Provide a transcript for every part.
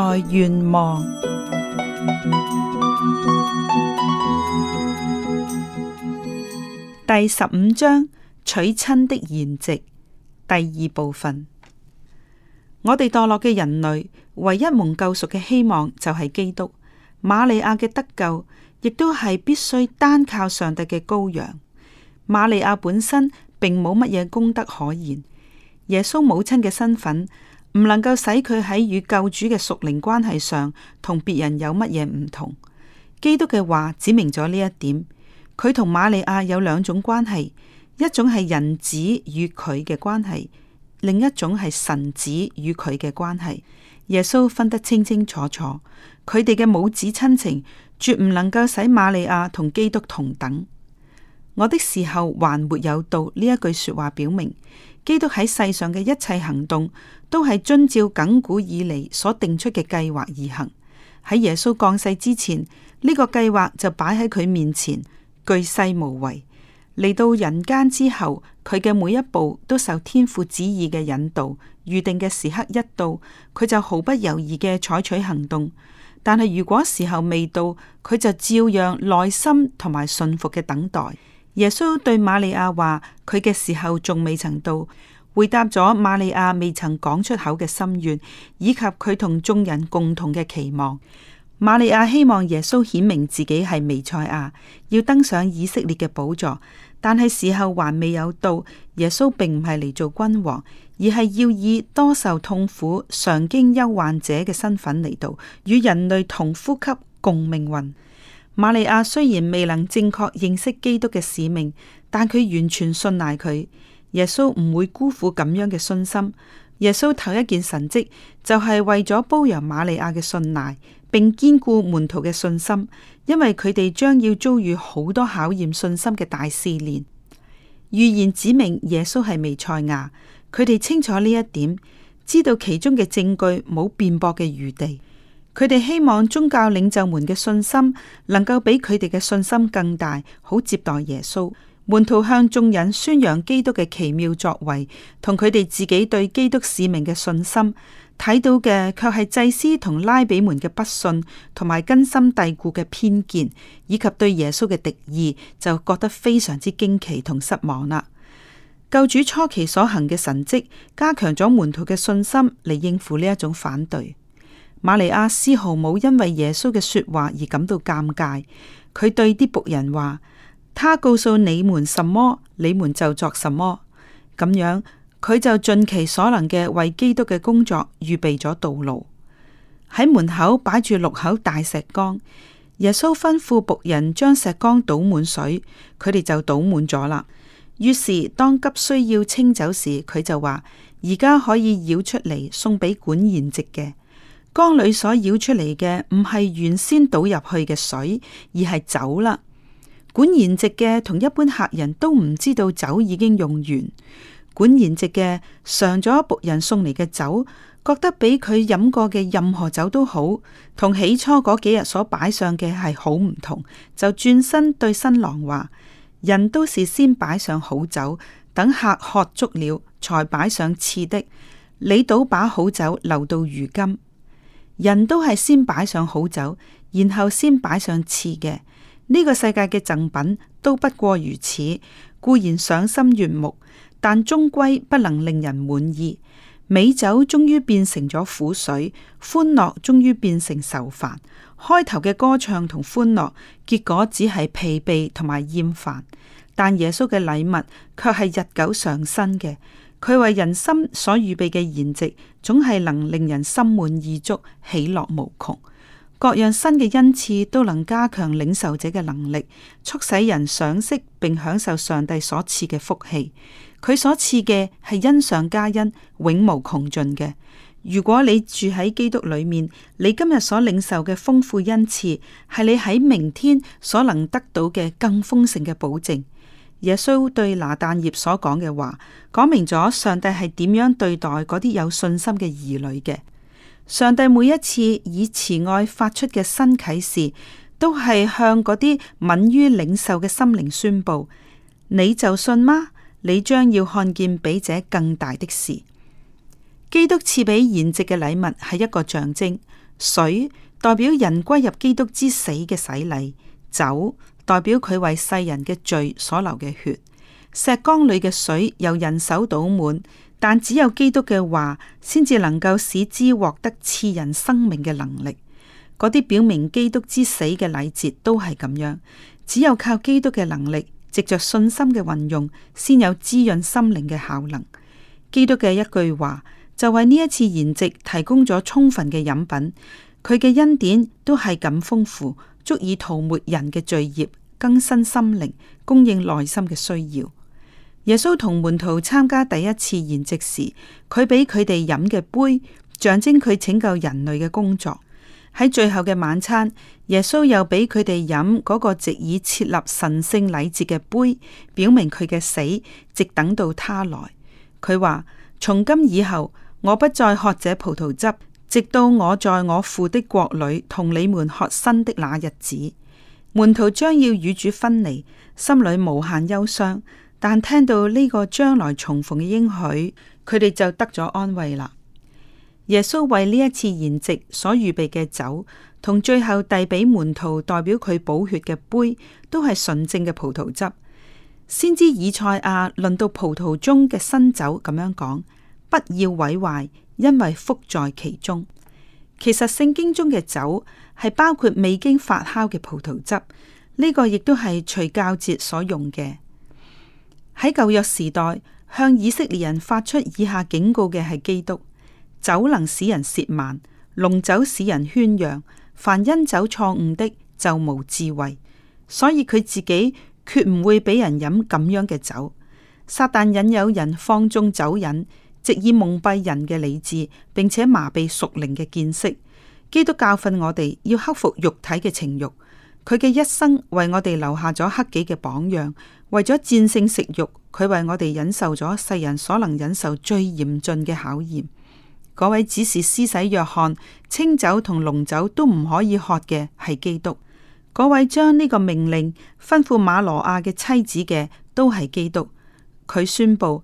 在願望第十五章娶親的筵席第二部分，我哋墮落嘅人類唯一蒙救贖嘅希望就係基督。瑪利亞嘅得救亦都係必須單靠上帝嘅羔羊。瑪利亞本身並冇乜嘢功德可言，耶穌母親嘅身份。唔能夠使佢喺與救主嘅屬靈關係上同別人有乜嘢唔同。基督嘅話指明咗呢一點，佢同瑪利亞有兩種關係，一種係人子與佢嘅關係，另一種係神子與佢嘅關係。耶穌分得清清楚楚，佢哋嘅母子親情絕唔能夠使瑪利亞同基督同等。我的時候還沒有到，呢一句說話表明。基督喺世上嘅一切行動，都係遵照亘古以嚟所定出嘅計劃而行。喺耶穌降世之前，呢、這個計劃就擺喺佢面前，巨細無遺。嚟到人間之後，佢嘅每一步都受天父旨意嘅引導。預定嘅時刻一到，佢就毫不猶豫嘅採取行動。但係如果時候未到，佢就照樣耐心同埋信服嘅等待。耶穌對瑪利亞話：佢嘅時候仲未曾到，回答咗瑪利亞未曾講出口嘅心願，以及佢同眾人共同嘅期望。瑪利亞希望耶穌顯明自己係彌賽亞，要登上以色列嘅寶座，但係時候還未有到。耶穌並唔係嚟做君王，而係要以多受痛苦、常經憂患者嘅身份嚟到，與人類同呼吸、共命運。瑪利亞雖然未能正確認識基督嘅使命，但佢完全信賴佢。耶穌唔會辜負咁樣嘅信心。耶穌頭一件神迹就係、是、為咗包容瑪利亞嘅信賴，並堅固門徒嘅信心，因為佢哋將要遭遇好多考驗信心嘅大試煉。預言指明耶穌係彌賽亞，佢哋清楚呢一點，知道其中嘅證據冇辯駁嘅餘地。佢哋希望宗教領袖們嘅信心能夠比佢哋嘅信心更大，好接待耶穌，門徒向眾人宣揚基督嘅奇妙作為，同佢哋自己對基督使命嘅信心。睇到嘅卻係祭司同拉比們嘅不信，同埋根深蒂固嘅偏見，以及對耶穌嘅敵意，就覺得非常之驚奇同失望啦。救主初期所行嘅神蹟，加強咗門徒嘅信心，嚟應付呢一種反對。瑪利亞絲毫冇因為耶穌嘅說話而感到尷尬。佢對啲僕人話：「他告訴你們什麼，你們就作什麼。」咁樣佢就盡其所能嘅為基督嘅工作預備咗道路。喺門口擺住六口大石缸，耶穌吩咐僕人將石缸倒滿水，佢哋就倒滿咗啦。於是當急需要清酒時，佢就話：「而家可以舀出嚟送俾管筵席嘅。」缸裏所舀出嚟嘅唔係原先倒入去嘅水，而係酒啦。管筵席嘅同一般客人都唔知道酒已經用完。管筵席嘅嘗咗僕人送嚟嘅酒，覺得比佢飲過嘅任何酒都好，同起初嗰幾日所擺上嘅係好唔同，就轉身對新郎話：人都是先擺上好酒，等客,客喝足了才擺上次的。你倒把好酒留到如今。人都係先擺上好酒，然後先擺上次嘅。呢、這個世界嘅贈品都不過如此，固然賞心悅目，但終歸不能令人滿意。美酒終於變成咗苦水，歡樂終於變成愁煩。開頭嘅歌唱同歡樂，結果只係疲憊同埋厭煩。但耶穌嘅禮物卻係日久常新嘅。佢為人心所預備嘅筵席，總係能令人心滿意足，喜樂無窮。各樣新嘅恩賜都能加強領受者嘅能力，促使人賞識並享受上帝所賜嘅福氣。佢所賜嘅係恩上加恩，永無窮盡嘅。如果你住喺基督裏面，你今日所領受嘅豐富恩賜，係你喺明天所能得到嘅更豐盛嘅保證。耶穌對拿但業所講嘅話，講明咗上帝係點樣對待嗰啲有信心嘅兒女嘅。上帝每一次以慈愛發出嘅新啟示，都係向嗰啲敏於領受嘅心靈宣布：你就信嗎？你將要看見比這更大的事。基督賜俾筵席嘅禮物係一個象徵，水代表人歸入基督之死嘅洗禮，酒。代表佢為世人嘅罪所流嘅血，石缸裏嘅水由人手倒滿，但只有基督嘅話，先至能夠使之獲得賜人生命嘅能力。嗰啲表明基督之死嘅禮節都係咁樣，只有靠基督嘅能力，藉着信心嘅運用，先有滋潤心靈嘅效能。基督嘅一句話就為呢一次筵席提供咗充分嘅飲品，佢嘅恩典都係咁豐富。足以塗抹人嘅罪孽，更新心靈，供應內心嘅需要。耶穌同門徒參加第一次筵席時，佢俾佢哋飲嘅杯，象徵佢拯救人類嘅工作。喺最後嘅晚餐，耶穌又俾佢哋飲嗰個藉以設立神聖禮節嘅杯，表明佢嘅死，直等到他來。佢話：從今以後，我不再喝這葡萄汁。直到我在我父的國裏同你們喝新的那日子，門徒將要與主分離，心裏無限憂傷。但聽到呢個將來重逢嘅應許，佢哋就得咗安慰啦。耶穌為呢一次筵席所預備嘅酒，同最後遞俾門徒代表佢補血嘅杯，都係純正嘅葡萄汁。先知以賽亞論到葡萄中嘅新酒，咁樣講：，不要毀壞。因為福在其中。其實聖經中嘅酒係包括未經發酵嘅葡萄汁，呢、這個亦都係除酵節所用嘅。喺舊約時代，向以色列人發出以下警告嘅係基督：酒能使人褻慢，濃酒使人喧嚷，凡因酒錯誤的就無智慧。所以佢自己決唔會俾人飲咁樣嘅酒。撒旦引誘人放縱酒癮。直以蒙蔽人嘅理智，並且麻痹熟靈嘅見識。基督教訓我哋要克服肉體嘅情欲，佢嘅一生為我哋留下咗克己嘅榜樣。為咗戰勝食欲，佢為我哋忍受咗世人所能忍受最嚴峻嘅考驗。嗰位指示施洗約翰清酒同濃酒都唔可以喝嘅係基督。嗰位將呢個命令吩咐馬羅亞嘅妻子嘅都係基督。佢宣布。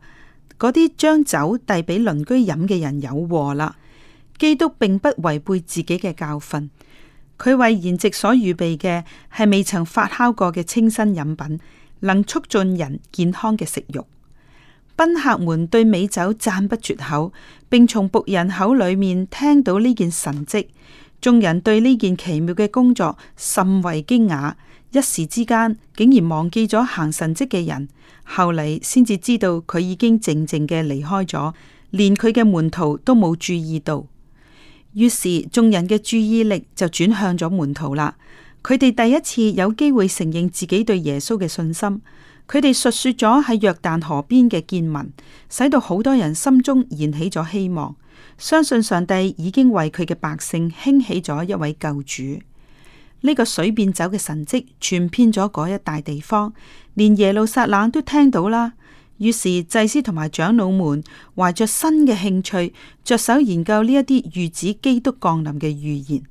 嗰啲將酒遞俾鄰居飲嘅人有禍啦！基督並不違背自己嘅教訓，佢為筵席所預備嘅係未曾發酵過嘅清新飲品，能促進人健康嘅食欲。賓客們對美酒讚不絕口，並從僕人口裏面聽到呢件神蹟。眾人對呢件奇妙嘅工作甚為驚訝。一時之間，竟然忘記咗行神跡嘅人，後嚟先至知道佢已經靜靜嘅離開咗，連佢嘅門徒都冇注意到。於是眾人嘅注意力就轉向咗門徒啦。佢哋第一次有機會承認自己對耶穌嘅信心，佢哋述說咗喺約旦河邊嘅見聞，使到好多人心中燃起咗希望，相信上帝已經為佢嘅百姓興起咗一位救主。呢個水變酒嘅神跡傳遍咗嗰一大地方，連耶路撒冷都聽到啦。於是祭司同埋長老們懷着新嘅興趣，着手研究呢一啲預指基督降臨嘅預言。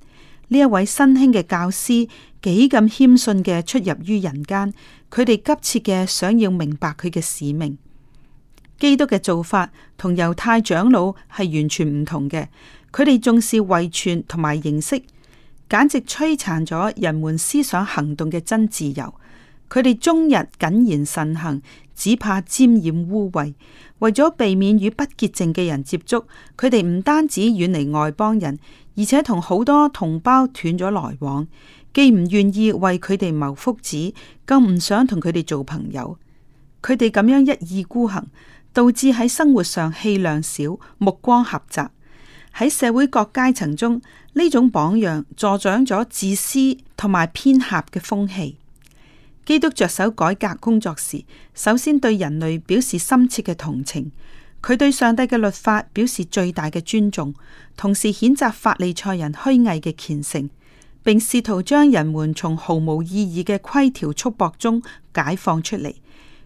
呢一位新興嘅教師幾咁謙遜嘅出入於人間，佢哋急切嘅想要明白佢嘅使命。基督嘅做法同猶太長老係完全唔同嘅，佢哋重視遺傳同埋形式，簡直摧殘咗人們思想行動嘅真自由。佢哋終日謹言慎行，只怕沾染污穢。為咗避免與不潔淨嘅人接觸，佢哋唔單止遠離外邦人，而且同好多同胞斷咗來往。既唔願意為佢哋謀福祉，更唔想同佢哋做朋友。佢哋咁樣一意孤行，導致喺生活上氣量少，目光狹窄。喺社會各階層中，呢種榜樣助長咗自私同埋偏狹嘅風氣。基督着手改革工作時，首先對人類表示深切嘅同情，佢對上帝嘅律法表示最大嘅尊重，同時譴責法利賽人虛偽嘅虔誠，並試圖將人們從毫無意義嘅規條束縛中解放出嚟。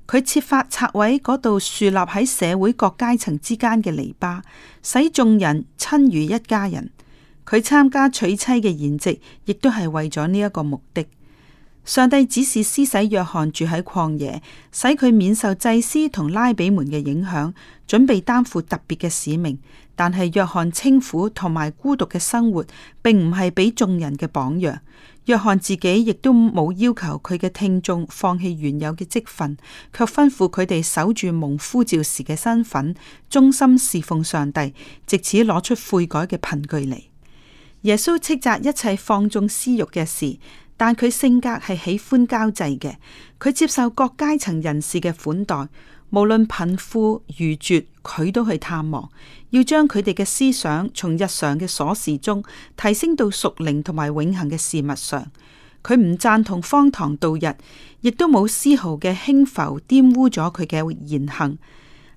佢設法拆毀嗰度樹立喺社會各階層之間嘅籬笆，使眾人親如一家人。佢參加娶妻嘅筵席，亦都係為咗呢一個目的。上帝指示施洗約翰住喺曠野，使佢免受祭司同拉比們嘅影響，準備擔負特別嘅使命。但係約翰清苦同埋孤獨嘅生活，並唔係俾眾人嘅榜樣。約翰自己亦都冇要求佢嘅聽眾放棄原有嘅職份，卻吩咐佢哋守住蒙呼召時嘅身份，忠心侍奉上帝，藉此攞出悔改嘅憑據嚟。耶穌斥責一切放縱私欲嘅事，但佢性格係喜歡交際嘅，佢接受各階層人士嘅款待。無論貧富愚絕，佢都去探望，要將佢哋嘅思想從日常嘅瑣事中提升到屬靈同埋永恒嘅事物上。佢唔贊同荒唐度日，亦都冇絲毫嘅輕浮，玷汙咗佢嘅言行。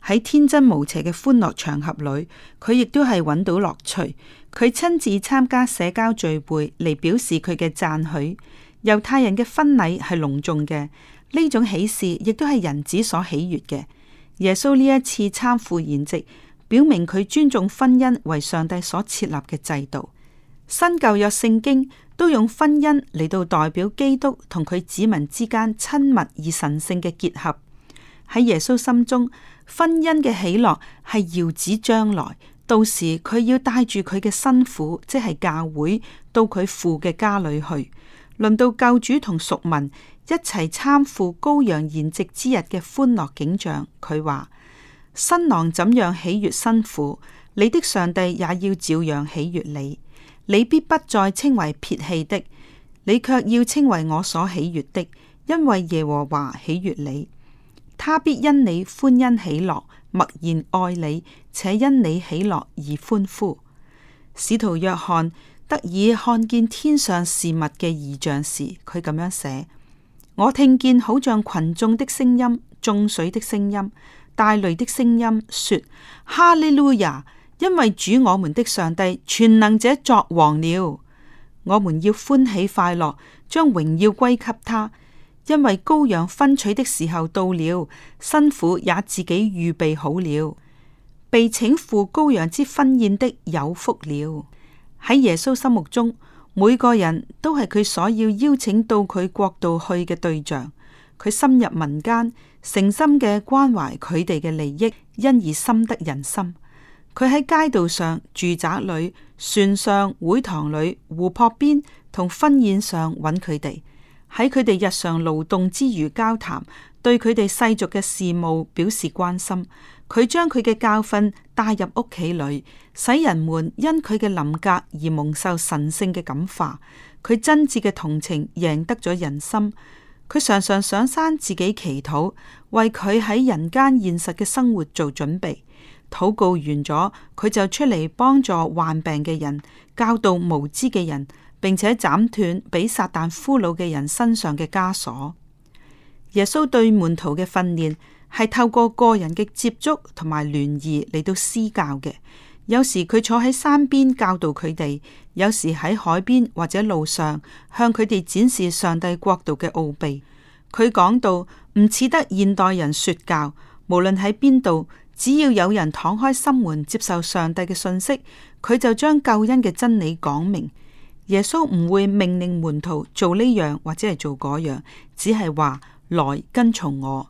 喺天真無邪嘅歡樂場合裏，佢亦都係揾到樂趣。佢親自參加社交聚會嚟表示佢嘅贊許。猶太人嘅婚禮係隆重嘅。呢種喜事亦都係人子所喜悅嘅。耶穌呢一次參赴宴席，表明佢尊重婚姻為上帝所設立嘅制度。新舊約聖經都用婚姻嚟到代表基督同佢子民之間親密而神聖嘅結合。喺耶穌心中，婚姻嘅喜樂係遙指將來，到時佢要帶住佢嘅新婦，即係教會，到佢父嘅家裏去。論到救主同屬民。一齊參赴羔羊宴席之日嘅歡樂景象，佢話，新郎怎樣喜悦新婦，你的上帝也要照樣喜悦你。你必不再稱為撇棄的，你卻要稱為我所喜悦的，因為耶和華喜悦你，他必因你歡欣喜樂，默然愛你，且因你喜樂而歡呼。使徒約翰得以看見天上事物嘅異象時，佢咁樣寫。我聽見好像群眾的聲音、眾水的聲音、大雷的聲音，說：哈利路亞！因為主我們的上帝全能者作王了。我們要歡喜快樂，將榮耀歸給他，因為羔羊分取的時候到了，辛苦也自己預備好了。被請赴羔羊之婚宴的有福了！喺耶穌心目中。每個人都係佢所要邀請到佢國度去嘅對象。佢深入民間，誠心嘅關懷佢哋嘅利益，因而深得人心。佢喺街道上、住宅裏、船上、會堂裏、湖泊邊同婚宴上揾佢哋，喺佢哋日常勞動之餘交談，對佢哋世俗嘅事務表示關心。佢將佢嘅教訓帶入屋企裏，使人們因佢嘅臨格而蒙受神聖嘅感化。佢真摯嘅同情贏得咗人心。佢常常上山自己祈禱，為佢喺人間現實嘅生活做準備。禱告完咗，佢就出嚟幫助患病嘅人，教導無知嘅人，並且斬斷俾撒旦俘虜嘅人身上嘅枷鎖。耶穌對門徒嘅訓練係透過個人嘅接觸同埋聯誼嚟到施教嘅。有時佢坐喺山邊教導佢哋，有時喺海邊或者路上向佢哋展示上帝國度嘅奧秘。佢講到唔似得現代人說教，無論喺邊度，只要有人敞開心門接受上帝嘅信息，佢就將救恩嘅真理講明。耶穌唔會命令門徒做呢樣或者係做嗰樣，只係話來跟從我。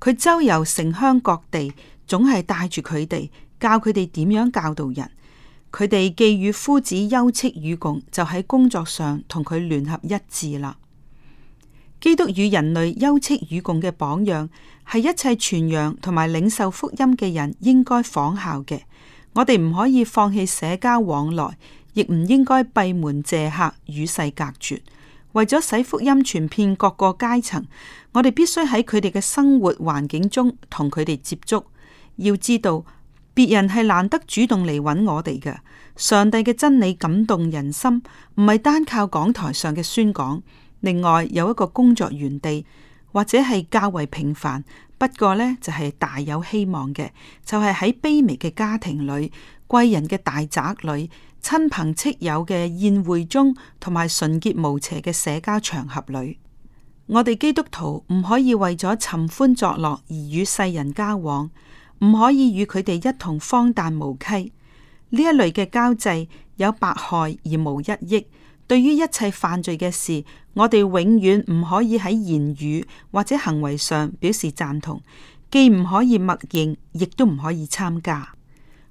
佢周遊城鄉各地，總係帶住佢哋教佢哋點樣教導人。佢哋既與夫子休戚與共，就喺工作上同佢聯合一致啦。基督與人類休戚與共嘅榜樣，係一切傳揚同埋領受福音嘅人應該仿效嘅。我哋唔可以放棄社交往來，亦唔應該閉門謝客，與世隔絕。為咗使福音傳遍各個階層，我哋必須喺佢哋嘅生活環境中同佢哋接觸。要知道，別人係難得主動嚟搵我哋嘅。上帝嘅真理感動人心，唔係單靠講台上嘅宣講。另外有一個工作園地，或者係較為平凡，不過呢就係大有希望嘅，就係喺卑微嘅家庭裏、貴人嘅大宅裏，親朋戚友嘅宴會中，同埋純潔無邪嘅社交場合裏，我哋基督徒唔可以為咗尋歡作樂而與世人交往，唔可以與佢哋一同荒誕無稽。呢一類嘅交際有百害而無一益。對於一切犯罪嘅事，我哋永遠唔可以喺言語或者行為上表示贊同，既唔可以默認，亦都唔可以參加。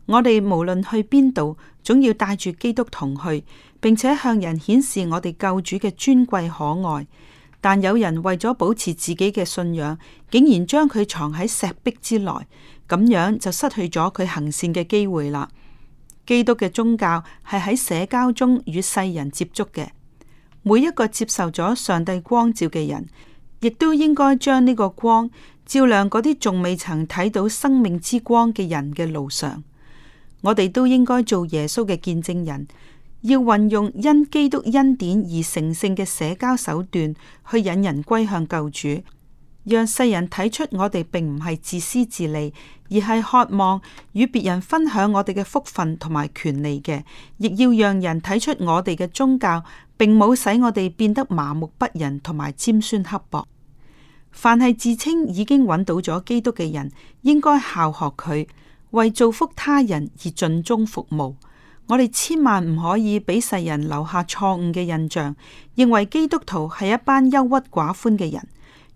我哋無論去邊度，總要帶住基督同去，並且向人顯示我哋救主嘅尊貴可愛。但有人為咗保持自己嘅信仰，竟然將佢藏喺石壁之內，咁樣就失去咗佢行善嘅機會啦。基督嘅宗教係喺社交中與世人接觸嘅，每一個接受咗上帝光照嘅人，亦都應該將呢個光照亮嗰啲仲未曾睇到生命之光嘅人嘅路上。我哋都應該做耶穌嘅見證人，要運用因基督恩典而成聖嘅社交手段去引人歸向救主，讓世人睇出我哋並唔係自私自利，而係渴望與別人分享我哋嘅福分同埋權利嘅。亦要讓人睇出我哋嘅宗教並冇使我哋變得麻木不仁同埋尖酸刻薄。凡係自稱已經揾到咗基督嘅人，應該效學佢，為造福他人而盡忠服務，我哋千萬唔可以俾世人留下錯誤嘅印象，認為基督徒係一班憂鬱寡歡嘅人。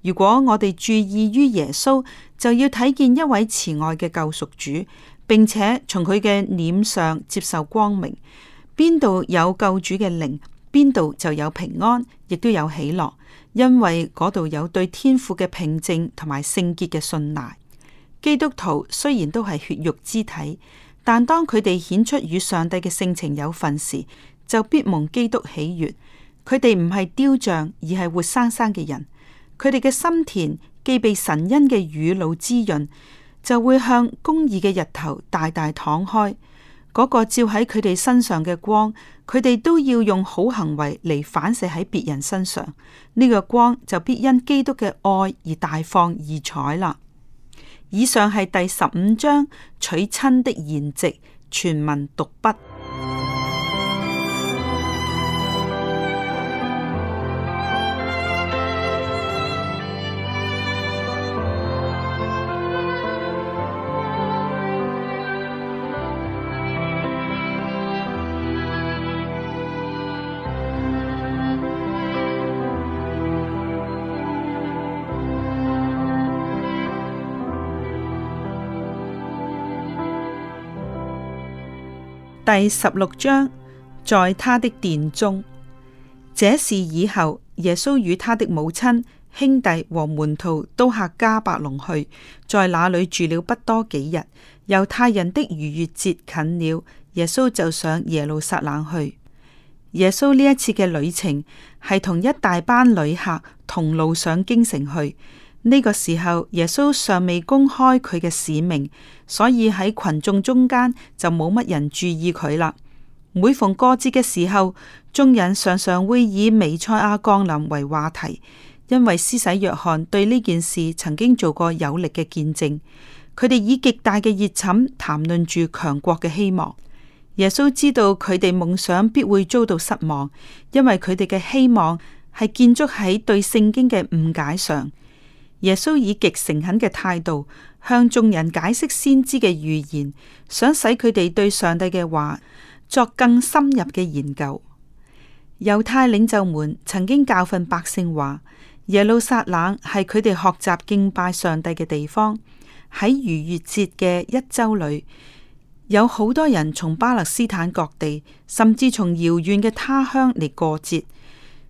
如果我哋注意於耶穌，就要睇見一位慈愛嘅救贖主，並且從佢嘅臉上接受光明。邊度有救主嘅靈，邊度就有平安，亦都有喜樂，因為嗰度有對天父嘅平靜同埋聖潔嘅信賴。基督徒雖然都係血肉之體，但當佢哋顯出與上帝嘅性情有份時，就必蒙基督喜悅。佢哋唔係雕像，而係活生生嘅人。佢哋嘅心田既被神恩嘅雨露滋潤，就會向公義嘅日頭大大敞開。嗰個照喺佢哋身上嘅光，佢哋都要用好行為嚟反射喺別人身上。呢個光就必因基督嘅愛而大放異彩啦。以上係第十五章娶親的筵席全文讀畢。第十六章，在他的殿中。這事以後，耶穌與他的母親、兄弟和門徒都下迦百農去，在那裏住了不多幾日。猶太人的逾越節近了，耶穌就上耶路撒冷去。耶穌呢一次嘅旅程係同一大班旅客同路上京城去。呢個時候，耶穌尚未公開佢嘅使命，所以喺群眾中間就冇乜人注意佢啦。每逢過節嘅時候，眾人常常會以美賽亞降臨為話題，因為施洗約翰對呢件事曾經做過有力嘅見證。佢哋以極大嘅熱忱談論住強國嘅希望。耶穌知道佢哋夢想必會遭到失望，因為佢哋嘅希望係建築喺對聖經嘅誤解上。耶穌以極誠懇嘅態度，向眾人解釋先知嘅預言，想使佢哋對上帝嘅話作更深入嘅研究。猶太領袖們曾經教訓百姓話，耶路撒冷係佢哋學習敬拜上帝嘅地方。喺逾越節嘅一周裏，有好多人從巴勒斯坦各地，甚至從遙遠嘅他鄉嚟過節。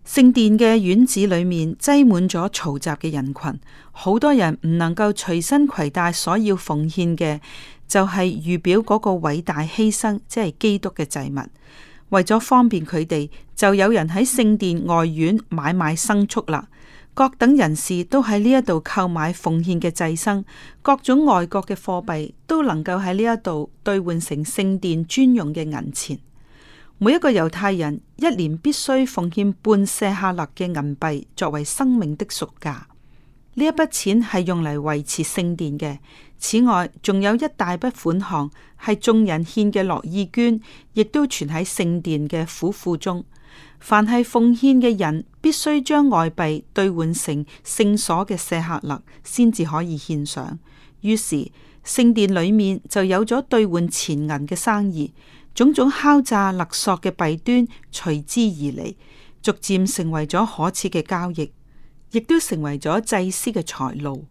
聖殿嘅院子裏面擠滿咗嘈雜嘅人群，好多人唔能夠隨身携帶所要奉獻嘅，就係預表嗰個偉大犧牲，即係基督嘅祭物。為咗方便佢哋，就有人喺聖殿外院買賣牲畜啦。各等人士都喺呢一度購買奉獻嘅祭牲，各種外國嘅貨幣都能夠喺呢一度兌換成聖殿專用嘅銀錢。每一個猶太人一年必須奉獻半舍客勒嘅銀幣作為生命的贖價，呢一筆錢係用嚟維持聖殿嘅。此外，仲有一大筆款項係眾人獻嘅樂意捐，亦都存喺聖殿嘅庫庫中。凡係奉獻嘅人，必須將外幣兌換成聖所嘅舍客勒，先至可以獻上。於是聖殿裏面就有咗兌換錢銀嘅生意。種種敲詐勒索嘅弊端隨之而嚟，逐漸成為咗可恥嘅交易，亦都成為咗祭司嘅財路。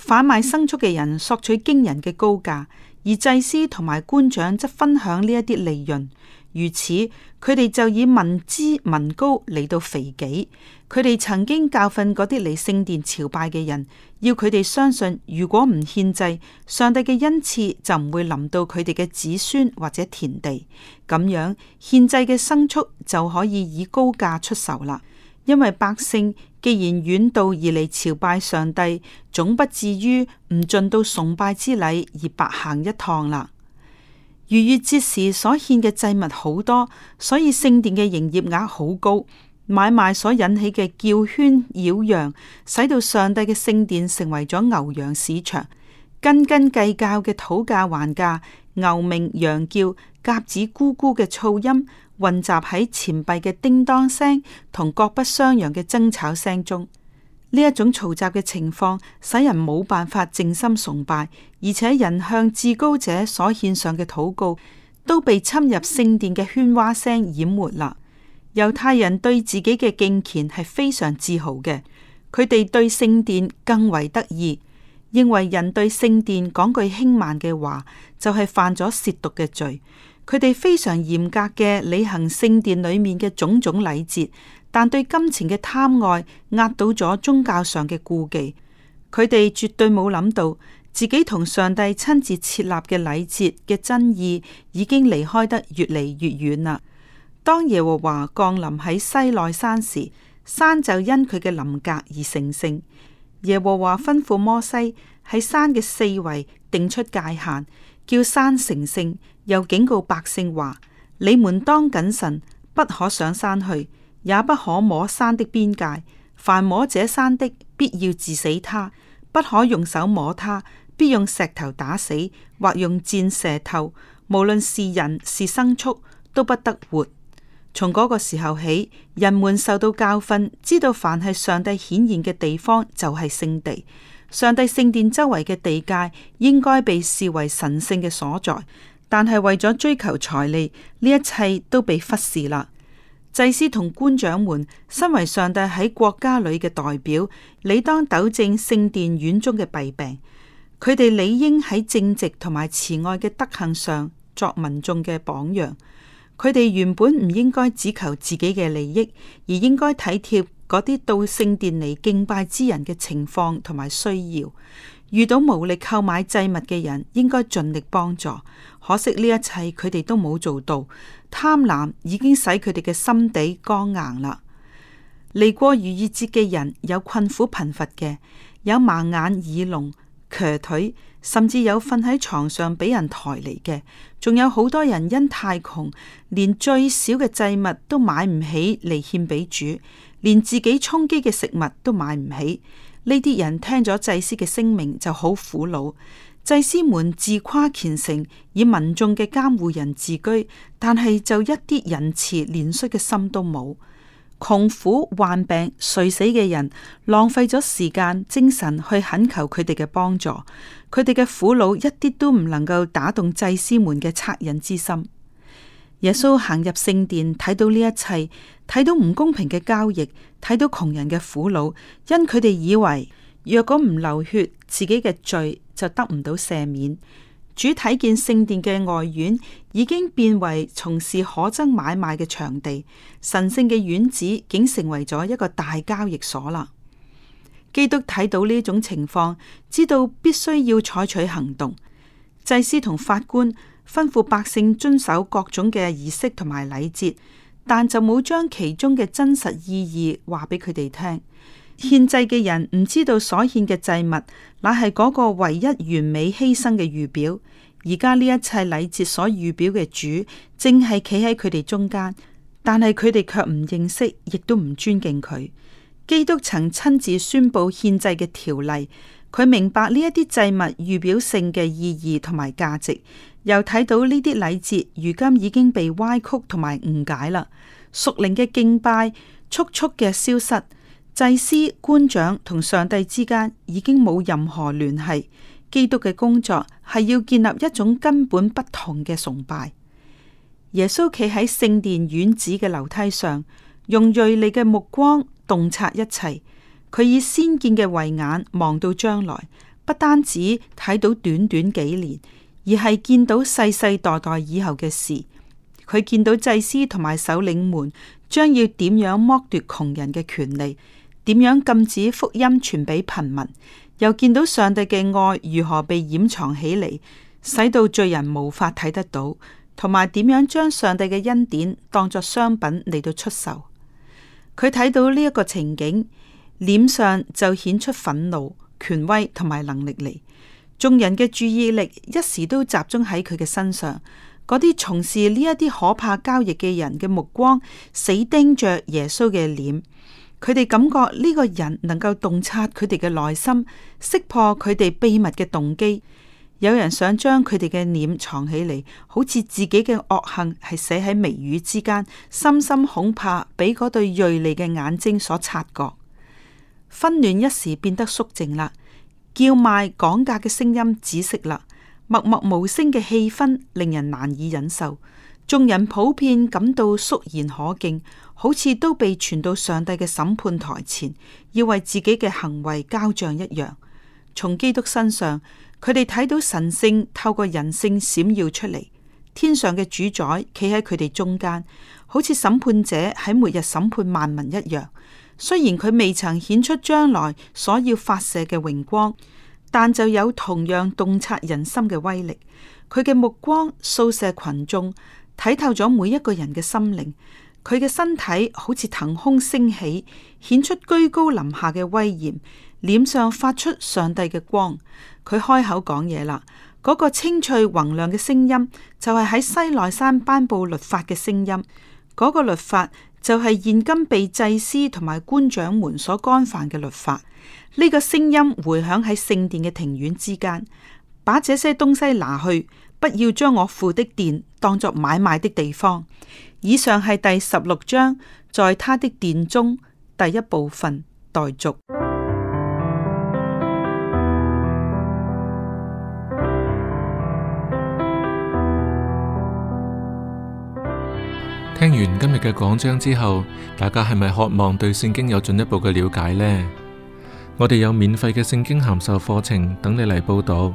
販賣牲畜嘅人索取驚人嘅高價，而祭司同埋官長則分享呢一啲利潤。如此，佢哋就以民脂民膏嚟到肥己。佢哋曾經教訓嗰啲嚟聖殿朝拜嘅人。要佢哋相信，如果唔獻祭，上帝嘅恩賜就唔會臨到佢哋嘅子孫或者田地。咁樣獻祭嘅牲畜就可以以高價出售啦。因為百姓既然遠道而嚟朝拜上帝，總不至於唔盡到崇拜之禮而白行一趟啦。逾越節時所獻嘅祭物好多，所以聖殿嘅營業額好高。買賣所引起嘅叫囂擾攘，使到上帝嘅聖殿成為咗牛羊市場，斤斤計較嘅討價還價，牛鳴羊叫、鴿子咕咕嘅噪音，混雜喺錢幣嘅叮當聲同各不相讓嘅爭吵聲中。呢一種嘈雜嘅情況，使人冇辦法靜心崇拜，而且人向至高者所獻上嘅禱告，都被侵入聖殿嘅喧嘩聲淹沒啦。猶太人對自己嘅敬虔係非常自豪嘅，佢哋對聖殿更為得意，認為人對聖殿講句輕慢嘅話就係犯咗褻瀆嘅罪。佢哋非常嚴格嘅履行聖殿裏面嘅種種禮節，但對金錢嘅貪愛壓倒咗宗教上嘅顧忌。佢哋絕對冇諗到自己同上帝親自設立嘅禮節嘅真意已經離開得越嚟越遠啦。當耶和華降臨喺西奈山時，山就因佢嘅臨格而成聖。耶和華吩咐摩西喺山嘅四圍定出界限，叫山成聖。又警告百姓話：你們當謹慎，不可上山去，也不可摸山的邊界。凡摸這山的，必要治死他；不可用手摸他，必用石頭打死或用箭射透。無論是人是牲畜，都不得活。從嗰個時候起，人們受到教訓，知道凡係上帝顯現嘅地方就係聖地。上帝聖殿周圍嘅地界應該被視為神聖嘅所在，但係為咗追求財利，呢一切都被忽視啦。祭司同官長們，身為上帝喺國家裏嘅代表，理當糾正聖殿院中嘅弊病。佢哋理應喺正直同埋慈愛嘅德行上作民眾嘅榜樣。佢哋原本唔應該只求自己嘅利益，而應該體貼嗰啲到聖殿嚟敬拜之人嘅情況同埋需要。遇到無力購買祭物嘅人，應該盡力幫助。可惜呢一切佢哋都冇做到。貪婪已經使佢哋嘅心地剛硬啦。嚟過逾越節嘅人有困苦貧乏嘅，有盲眼、耳聾、瘸腿。甚至有瞓喺床上俾人抬嚟嘅，仲有好多人因太窮，連最少嘅祭物都買唔起嚟獻俾主，連自己充飢嘅食物都買唔起。呢啲人聽咗祭司嘅聲明就好苦惱，祭司們自誇虔誠，以民眾嘅監護人自居，但係就一啲仁慈憐恤嘅心都冇。窮苦患病垂死嘅人，浪費咗時間精神去懇求佢哋嘅幫助，佢哋嘅苦惱一啲都唔能夠打動祭司們嘅惻隱之心。耶穌行入聖殿，睇到呢一切，睇到唔公平嘅交易，睇到窮人嘅苦惱，因佢哋以為若果唔流血，自己嘅罪就得唔到赦免。主睇見聖殿嘅外院已經變為從事可憎買賣嘅場地，神聖嘅院子竟成為咗一個大交易所啦。基督睇到呢種情況，知道必須要採取行動。祭司同法官吩咐百姓遵守各種嘅儀式同埋禮節，但就冇將其中嘅真實意義話俾佢哋聽。獻祭嘅人唔知道所獻嘅祭物，乃係嗰個唯一完美犧牲嘅預表。而家呢一切禮節所預表嘅主，正係企喺佢哋中間，但係佢哋卻唔認識，亦都唔尊敬佢。基督曾親自宣布獻祭嘅條例，佢明白呢一啲祭物預表性嘅意義同埋價值，又睇到呢啲禮節如今已經被歪曲同埋誤解啦。屬靈嘅敬拜，速速嘅消失。祭司、官長同上帝之間已經冇任何聯繫。基督嘅工作係要建立一種根本不同嘅崇拜。耶穌企喺聖殿院子嘅樓梯上，用銳利嘅目光洞察一切。佢以先見嘅慧眼望到將來，不單止睇到短短幾年，而係見到世世代代以後嘅事。佢見到祭司同埋首領們將要點樣剝奪窮人嘅權利。點樣禁止福音傳俾貧民？又見到上帝嘅愛如何被掩藏起嚟，使到罪人無法睇得到，同埋點樣將上帝嘅恩典當作商品嚟到出售。佢睇到呢一個情景，臉上就顯出憤怒、權威同埋能力嚟。眾人嘅注意力一時都集中喺佢嘅身上，嗰啲從事呢一啲可怕交易嘅人嘅目光死盯着耶穌嘅臉。佢哋感覺呢個人能夠洞察佢哋嘅內心，識破佢哋秘密嘅動機。有人想將佢哋嘅臉藏起嚟，好似自己嘅惡行係寫喺眉宇之間，深深恐怕俾嗰對銳利嘅眼睛所察覺。紛亂一時變得肅靜啦，叫賣講價嘅聲音止息啦，默默無聲嘅氣氛令人難以忍受。眾人普遍感到肅然可敬。好似都被傳到上帝嘅審判台前，要為自己嘅行為交賬一樣。從基督身上，佢哋睇到神性透過人性閃耀出嚟，天上嘅主宰企喺佢哋中間，好似審判者喺末日審判萬民一樣。雖然佢未曾顯出將來所要發射嘅榮光，但就有同樣洞察人心嘅威力。佢嘅目光掃射群眾，睇透咗每一個人嘅心靈。佢嘅身體好似騰空升起，顯出居高臨下嘅威嚴，臉上發出上帝嘅光。佢開口講嘢啦，嗰、那個清脆宏亮嘅聲音就係喺西奈山頒布律法嘅聲音。嗰、那個律法就係現今被祭司同埋官長們所干犯嘅律法。呢、這個聲音回響喺聖殿嘅庭院之間，把這些東西拿去，不要將我父的殿當作買賣的地方。以上係第十六章，在他的殿中第一部分待續。聽完今日嘅講章之後，大家係咪渴望對聖經有進一步嘅了解呢？我哋有免費嘅聖經函授課程等你嚟報讀。